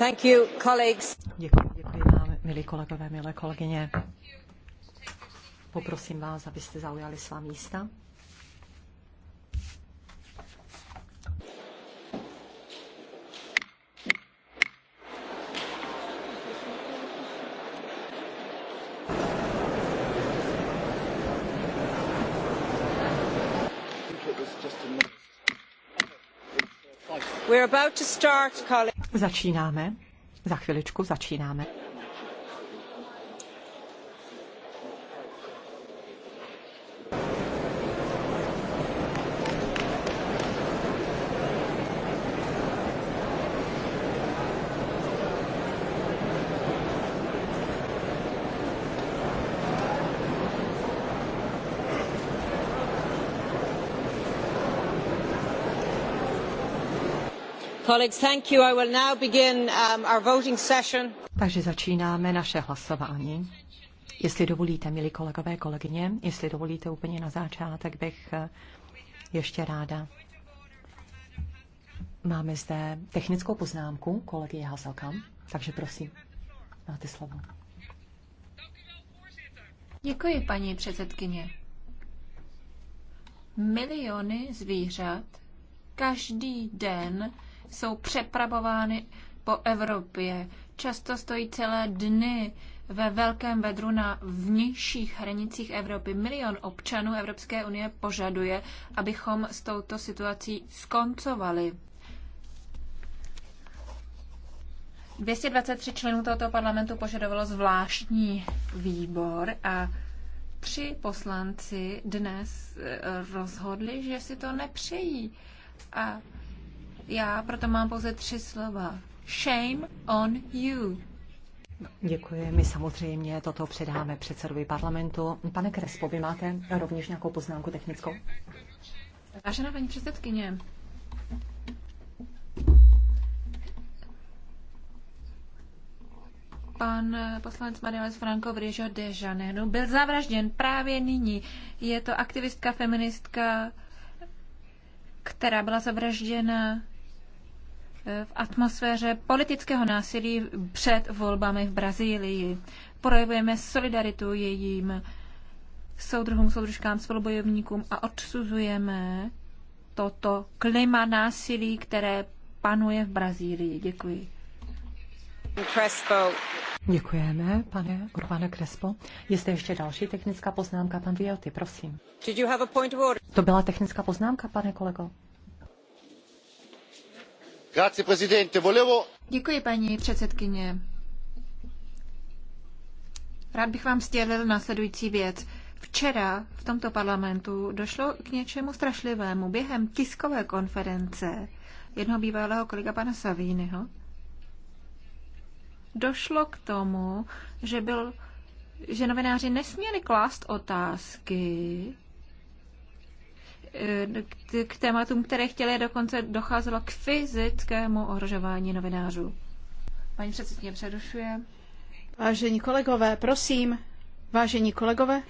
Děkuji, děkuji vám, milí kolegové, milé kolegyně. Poprosím vás, abyste zaujali svá místa. We're about to start, colleagues. Začínáme. Za chviličku začínáme. Takže začínáme naše hlasování. Jestli dovolíte, milí kolegové, kolegyně, jestli dovolíte úplně na začátek, bych eh, ještě ráda. Máme zde technickou poznámku kolegy Haselka, takže prosím, máte slovo. Děkuji, paní předsedkyně. Miliony zvířat každý den jsou přepravovány po Evropě. Často stojí celé dny ve velkém vedru na vnějších hranicích Evropy. Milion občanů Evropské unie požaduje, abychom s touto situací skoncovali. 223 členů tohoto parlamentu požadovalo zvláštní výbor a tři poslanci dnes eh, rozhodli, že si to nepřejí. A já proto mám pouze tři slova. Shame on you. Děkuji. My samozřejmě toto předáme předsedovi parlamentu. Pane Krespo, vy máte rovněž nějakou poznámku technickou? Vážená paní předsedkyně, pan poslanec Marielis Franco v Rio de Janeiro byl zavražděn právě nyní. Je to aktivistka, feministka, která byla zavražděna v atmosféře politického násilí před volbami v Brazílii. Projevujeme solidaritu jejím soudruhům, soudružkám, spolubojovníkům a odsuzujeme toto klima násilí, které panuje v Brazílii. Děkuji. Crespo. Děkujeme, pane Urbane Krespo. Je zde ještě další technická poznámka, pan Vioty, prosím. Did you have a point of order? To byla technická poznámka, pane kolego paní předsedkyně. Rád bych vám sdělil následující věc. Včera v tomto parlamentu došlo k něčemu strašlivému. Během tiskové konference jednoho bývalého kolega pana Savínyho došlo k tomu, že, byl, že novináři nesměli klást otázky Eh, k tématům, které chtěli, dokonce docházelo k fyzickému ohrožování novinářů. Paní předsedkyně přerušuje. Vážení kolegové, prosím, vážení kolegové,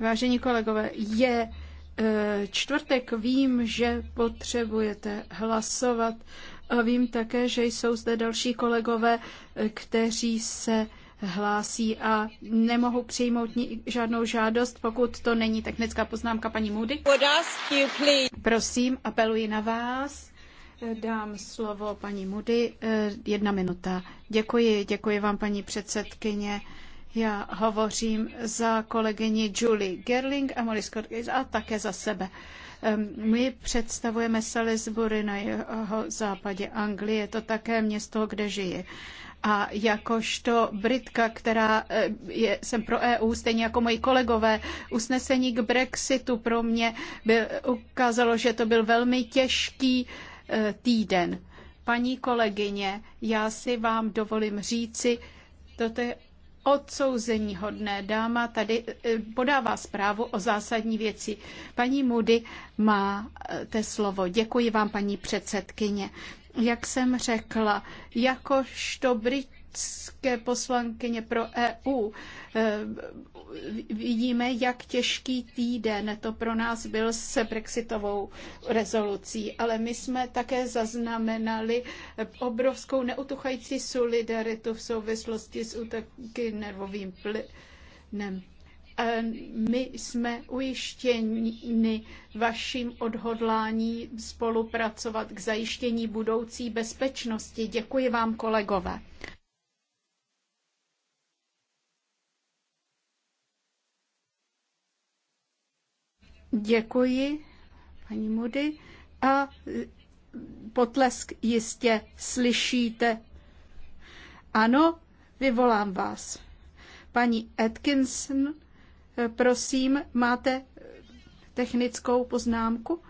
vážení kolegové, je eh, čtvrtek, vím, že potřebujete hlasovat a vím také, že jsou zde další kolegové, eh, kteří se hlásí a nemohu přijmout ni- žádnou žádost, pokud to není technická poznámka paní Moody. Prosím, apeluji na vás. Dám slovo paní Moody. Eh, jedna minuta. Děkuji, děkuji vám, paní předsedkyně. Já hovořím za kolegyni Julie Gerling a Molly Scott a také za sebe. My představujeme Salisbury na jeho západě Anglie, je to také město, kde žije. A jakožto Britka, která eh, je, jsem pro EU, stejně jako moji kolegové, usnesení k Brexitu pro mě byl, ukázalo, že to byl velmi těžký eh, týden. Paní kolegyně, já si vám dovolím říci, toto je odsouzení hodné dáma tady e, podává zprávu o zásadní věci. Paní Moody, e, te slovo. Děkuji vám, paní předsedkyně. Jak jsem řekla, jakožto Brit evropské poslankyně pro EU. Eh, vidíme, jak těžký týden to pro nás byl se Brexitovou rezolucí, ale my jsme také zaznamenali obrovskou neutuchající solidaritu v souvislosti s útoky nervovým plynem my jsme ujištěni vaším odhodlání spolupracovat k zajištění budoucí bezpečnosti. Děkuji vám, kolegové. Děkuji, paní Mody. A potlesk jistě slyšíte. Ano, vyvolám vás. Paní Atkinson, prosím, máte technickou poznámku?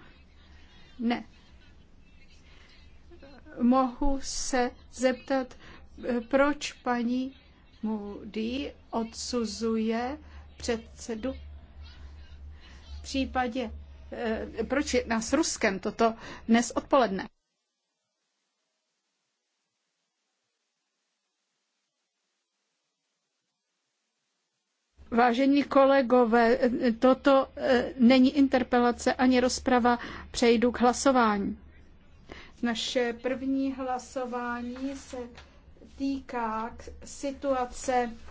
Ne. Mohu se zeptat, proč paní Moody odsuzuje předsedu případě, eh, proč jedná s Ruskem toto dnes odpoledne? Vážení kolegové, toto eh, není interpelace ani rozprava, přejdu k hlasování. Naše první hlasování se týká situace